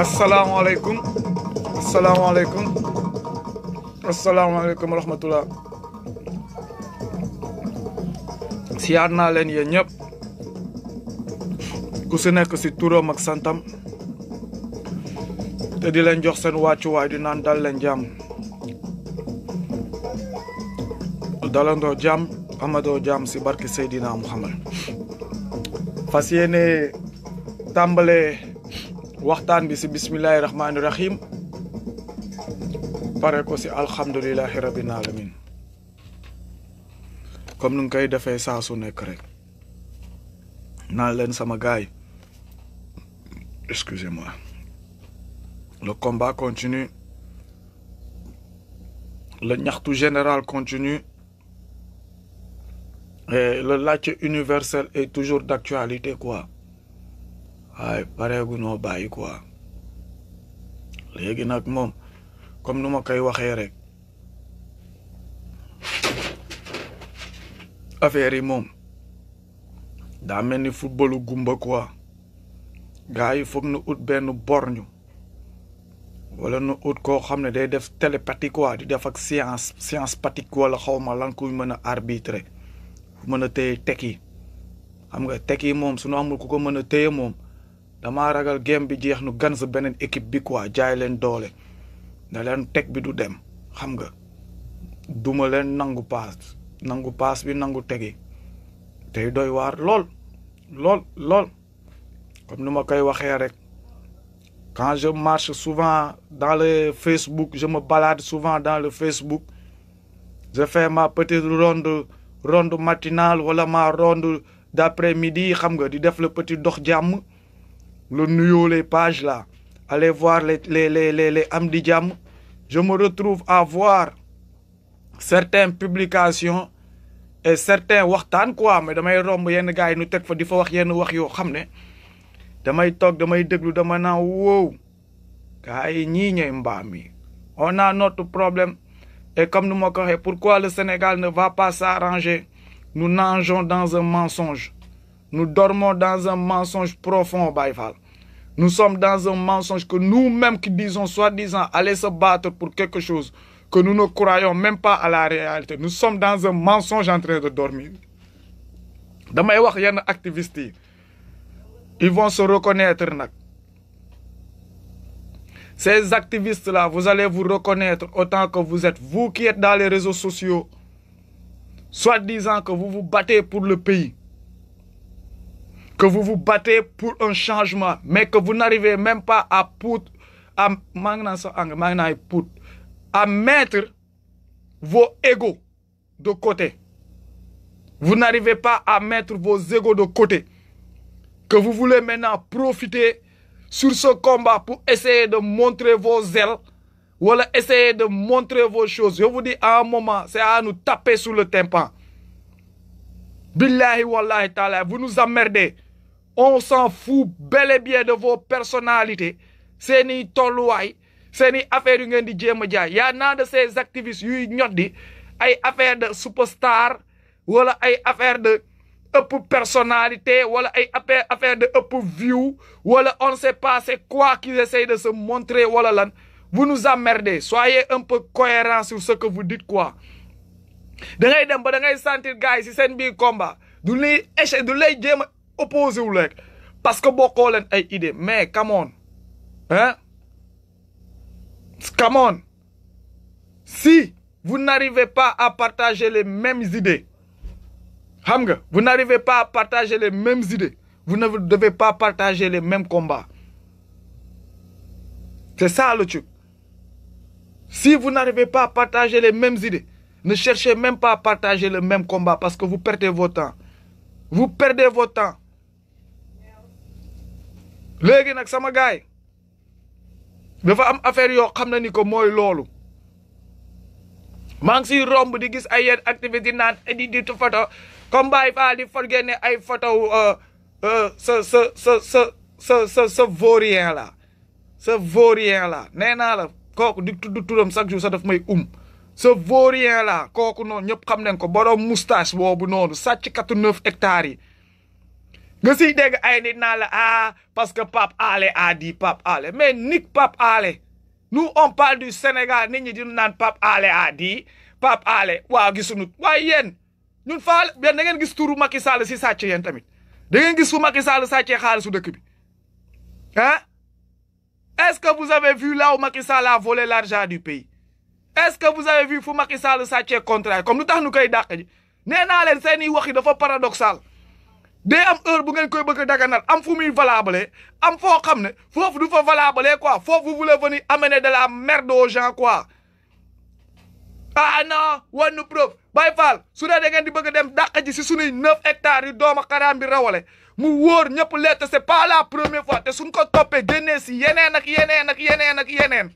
asalaamaaleykum asalaamaaleykum asalaamaaleykum wa rahmatulah siyaar naa leen yéen ñëpp ku si nekk si turam ak santam te di leen jox seen wàccuwaay di naan dal leen jàmm dalandoo jàmm amadoo jàmm si barki Seydina Muhammad fas yéene tàmbalee waxtaan bi si bismillahi rahmaani rahim pare ko si alhamdulilahi rabbil alamin comme nu koy defee saa su nekk rek naan leen sama gaay excusez-moi le combat continue le ñaxtu général continue et le laajte universel est toujours d'actualité quoi waaye pareegu noo bàyyi quoi léegi nag moom comme nu ma koy waxee rek affaire yi moom daa mel ni footballu gumba quoi gars yi foog nu ut benn borñu wala nu ut koo xam ne day def télépathie quoi di def ak science science pathique wala xaw ma lan kuy mën a arbitrer mën a téye teg yi xam nga teg yi moom su nu amul ku ko mën a téye moom Je ragal game bi jeex équipe bi quoi jaay doole bi du dem xam nga duma len nangu nangu bi nangu comme rek quand je marche souvent dans le Facebook je me balade souvent dans le Facebook je fais ma petite ronde ronde matinale wala ma ronde d'après-midi xam nga di le petit dox le nouveau les pages là allez voir les les les les, Amdi je me retrouve à voir certaines publications et certains waxtaan quoi mais damay romb yenn gars yi nu des fa qui nous wax yenn wax yoo xam damay toog damay déglu dama naa wow gars il n'y on a notre problème et comme nous m'en pourquoi le Sénégal ne va pas s'arranger nous nageons dans un mensonge nous dormons dans un mensonge profond Baye nous sommes dans un mensonge que nous-mêmes qui disons soi-disant aller se battre pour quelque chose que nous ne croyons même pas à la réalité. Nous sommes dans un mensonge en train de dormir. y a des activistes ils vont se reconnaître ces activistes là vous allez vous reconnaître autant que vous êtes vous qui êtes dans les réseaux sociaux soi-disant que vous vous battez pour le pays que vous vous battez pour un changement, mais que vous n'arrivez même pas à, mettre vos égaux de côté. Vous n'arrivez pas à mettre vos égaux de côté. Que vous voulez maintenant profiter sur ce combat pour essayer de montrer vos ailes ou essayer de montrer vos choses. Je vous dis à un moment, c'est à nous taper sur le tympan. Billahi vous nous emmerdez on s'en fout bel et bien de vos personnalités C'est seeni C'est ni affaire DJ ngeen Il y a un yaa de ces activistes yuy ñoddi ay affaire de superstar wala ay affaire de up personnalité wala ay affaire de up view wala on ne sait pas c'est quoi qu'ils essayent de se montrer wala vous nous emmerdez soyez un peu cohérent sur ce que vous dites quoi da ngay dem ba da ngay sentir gars si seen combat du lay échec du lay opposé ou parce que beaucoup ont ay idée mais come on hein come on si vous n'arrivez pas à partager les mêmes idées vous n'arrivez pas à partager les mêmes idées vous ne devez pas partager les mêmes combats c'est ça le truc si vous n'arrivez pas à partager les mêmes idées ne cherchez même pas à partager le même combat parce que vous perdez votre temps vous perdez votre temps léegi nag sama gaay dafa am affaire yoo xam ne ni ko mooy loolu maa ngi siy romb di gis ay yenn activité naan di di photo comme Baye Fall di for génne ay foto sa sa sa sa sa sa sa vaurien la sa vaurien la nee naa la kooku di tudd turam chaque jour sa daf may um sa vaurien kooku noonu ñëpp xam nañ ko borom moustache boobu noonu sàcc 89 hectares yi si ah, parce que Pape a dit Pape mais nique Pape nous on parle du Sénégal nit ni di nan Pape Alé a dit Pape Alé waaw gisuñu wa nous gis Macky Sall si sàcc yéen tamit da gis fu Macky Sall hein? est-ce que vous avez vu là où Macky a volé l'argent du pays est-ce que vous avez vu fu Macky Sall sàccee contraire comme nous tax nous kay nous ni dit, paradoxal day am heure bu ngeen koy bëgg a daganal am fu muy valable am foo xam ne foofu du fa valable quoi foofu vous voulez venir amener de la merde aux gens quoi ah non wan nu preuve Baye Fall su dee da ngeen di bëgg a dem dàq ji si sunuy neuf hectares dooma doomu xaraam bi rawale mu wóor ñëpp leete c'est pas la première fois te suñ ko toppee génnee si yeneen ak yeneen ak yeneen ak yeneen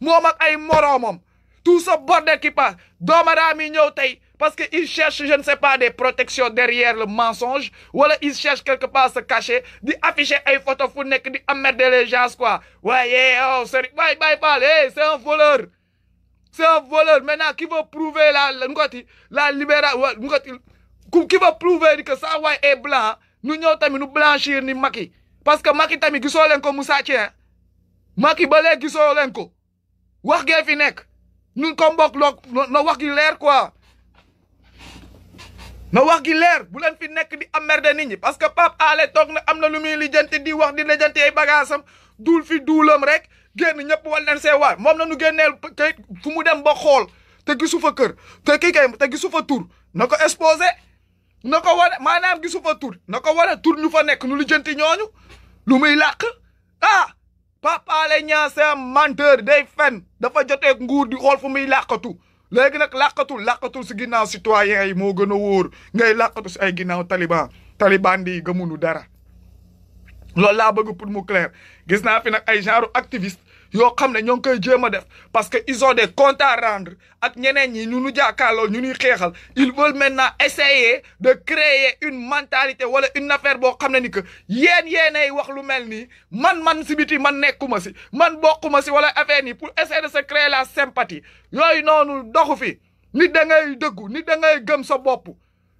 moom ay moroomam tout ce bordel qui passe doomu xaraam ñëw tey parce qu'ils cherchent, je ne sais pas, des protections derrière le mensonge, ou alors ils cherchent quelque part à se cacher, d'afficher une photo pour d'emmerder les gens, quoi. Ouais, oh, c'est bye, bye, bye, c'est un voleur. C'est un voleur. Maintenant, qui veut prouver la, la, la libération, qui veut prouver que ça, ouais, est blanc, nous, nous, nous blanchir, ni maki. Parce que maki, tami, gisoo len ko Moussa Tien. Maki, balé, gisoo len ko. fi nek. Nous, comme bok, no, no, wax l'air, quoi. na wax gi leer bu leen fi nekk di emmerde nit ñi parce que Pape Alé toog na am na lu muy lijjanti di wax di lijjanti ay bagaasam duul fi duulam rek génn ñëpp wal na see waar moom na nu génneel kay fu mu dem ba xool te gisu fa kër te kii kay te gisu fa tur na ko exposé na ko war maanaam gisu fa tur na ko war a tur ñu fa nekk nu lijjanti ñooñu lu muy làq ah Pape Alé Niang c'est un menteur day dafa joteeg nguur di xool fu muy làqatu léegi nag làqatul làqatul si ginnaaw citoyen yi moo gën a wóor ngay làqatu si ay ginnaaw taliban taliban di gëmunu dara loolu laa bëgg pour mu clair gis naa nag ay genre activiste yoo xam ne koy parce que ils ont des comptes à rendre ak ñu ils veulent maintenant essayer de créer une mentalité wala une affaire boo xam ne ni que yéen wax lu man man si biti man nekkuma si man bokkuma si wala affaire ni pour essayer de se créer la sympathie yooyu fi nit da ngay dëggu nit da ngay gëm sa bopp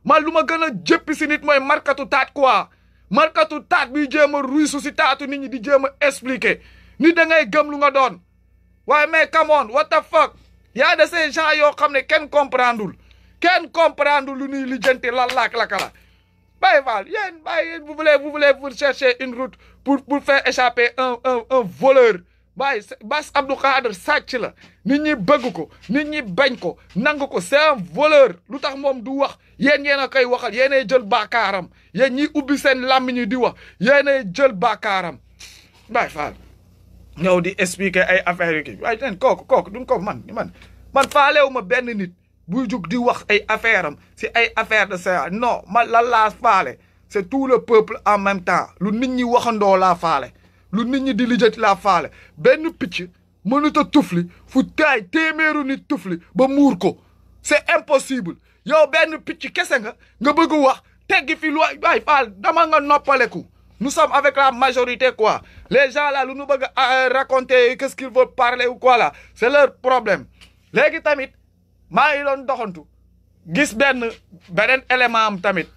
ma gën a nit mooy markatu taat quoi markatu taat bi jéem a ruisu si taatu nit ñi di expliquer ni da ngay gëm lu nga doon waaye mais come on what the fuck ya de ces gens yoo xam ne kenn comprendreul kenn comprendreul lu ñuy lijjanti lan laak laka la bàyyi faal yéen bàyyi vous voulez vous voulez vous chercher une route pour pour faire échapper un un un voleur bàyyi bas Abdou Khadre sàcc la nit ñi bëgg ko nit ñi bañ ko nangu ko c'est un voleur lu tax moom du wax yéen yéen a koy waxal yéenay jël baakaaram yéen ñi ubbi seen làmmiñ di wax yéenay jël baakaaram bàyyi faal ñëw di expliquer ay affaire yu kii waaye ten kooku kooku duñ ko man man man faalewu ma benn nit buy jug di wax ay affaire am si ay affaire de ça no man lan laa faale c'est tout le peuple en même temps lu nit ñi waxandoo laa faale lu nit ñi di lijjati la faale benn picc mënut a tufli fu taay téeméeru nit tufli ba muur ko c'est impossible yow benn picc kese nga nga bëgg wax teggi fi lu waay faal dama nga noppale ku Nous sommes avec la majorité, quoi. Les gens là, nous nous euh, raconter qu'est-ce qu'ils veulent parler ou quoi là. C'est leur problème. suis tamit gis ben tamit suis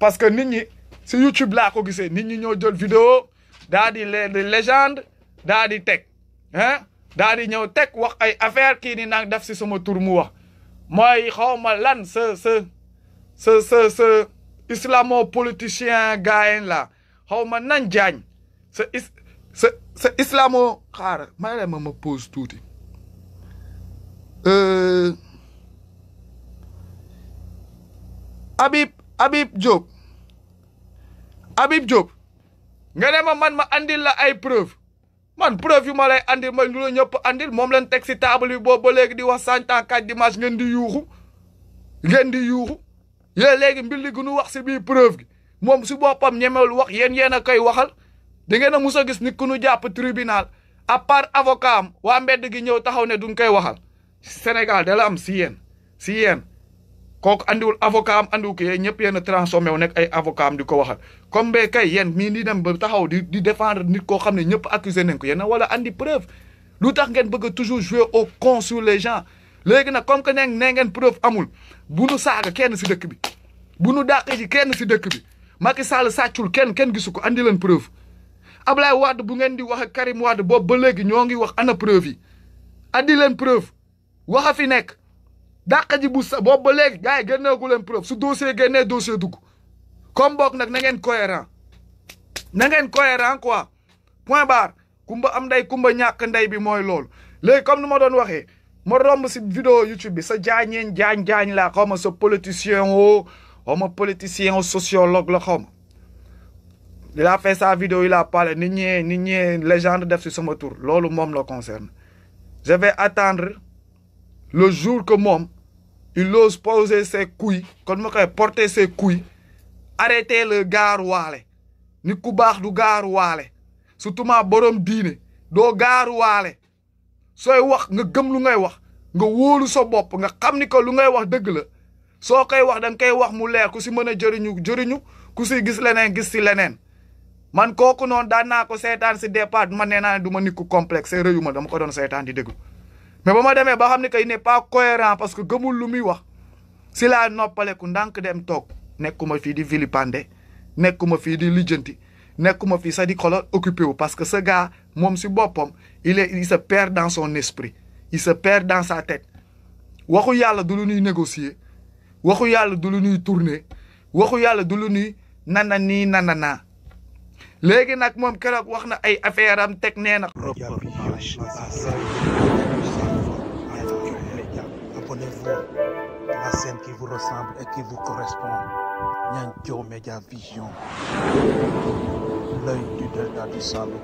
parce que YouTube là, ko gisee nit ñi ñoo jël vidéo nous, les légende daa tech, hein? nous, affaire nous, islamo-politicien gars la xaw nan jaañ sa is sa islamo xaar ma la ma pose pause euh abib job, job job, job nga ne man ma andil la ay preuve man preuve yu ma lay andil ma lu la andil mom lañ tek ci table bi bo ba léegi di wax santakat dimanche ngeen di yuxu ngeen di yuxu yooyu léegi mbilli gu nu wax si biir preuve gi moom si boppam ñemewul wax yéen yéen a koy waxal da ngeen a mus gis nit ku nu jàpp tribunal à part avocat waa mbedd gi ñëw taxaw ne duñ koy waxal Sénégal da am si yéen si yéen kooku andiwul avocat am andiwul ko yéen ñëpp yéen a transformé wu nekk ay avocat di ko waxal comme ba kay yéen mii di dem ba taxaw di di défendre nit koo xam ne ñëpp accusé nañ ko a wala andi preuve lu tax ngeen bëgg a toujours jouer au con sur les léegi nag comme que ne ngeen preuve amul bu nu saaga kenn si dëkk bi bu nu dàqee ci kenn si dëkk bi Macky Sall sàccul kenn kenn gisu andi leen preuve Ablaye Wade bu ngeen di wax ak Karim Wade boobu ba léegi ñoo ngi wax ana preuve yi andi leen preuve waxa fi nekk dàq ji bu sa boobu ba léegi gars yi génneegu leen preuve su dossier génnee dossier dugg comme boog nag na ngeen cohérent na ngeen cohérent quoi point barre kumba am ndey kumba ñàkk ndey bi mooy loolu léegi comme nu doon waxee Mon romb cette vidéo YouTube bi sa jaañeen jaañ jaañ comme ce politicien ou, xaw politicien ou sociologue la comme. il a fait sa vidéo il a parlé nit ñee nit ñee légende def sur sama tour loolu mom, le concerne je vais attendre le jour que mom il ose poser ses couilles comme moi porter ses couilles arrêter le gaaruwaale nit ku baax du surtout ma borom do doo gaaruwaale soy wax nga gëm lu ngay wax nga wolu sa bop nga xam ni ko lu ngay wax deug la so kay wax dang kay wax mu leer ku si meuna jëriñu jëriñu ku ci gis leneen gis si leneen man koku non da na ko setan si départ man nena duma kompleks, nit ku complexe c'est reuyuma dama ko don setan di deug mais bama démé ba xamni kay n'est pas cohérent parce que gëmul lu mi wax la noppalé ku ndank dem tok nekuma fi di vilipande nekuma fi di lijeenti nekkuma fii sax di xoolal occupé wu parce que ce gars moom si bopom il est il se perd dans son esprit il se perd dans sa tête waxu yalla du lu ñuy négocier waxu yalla du lu ñuy tourner waxu yalla du lu ñuy nana nii nana naa léegi nag moom keroog ay affaire am teg nee na. Abonnez-vous à la chaîne qui vous ressemble et qui vous correspond. Nyanjo Mega Vision, l'œil du delta du Salon.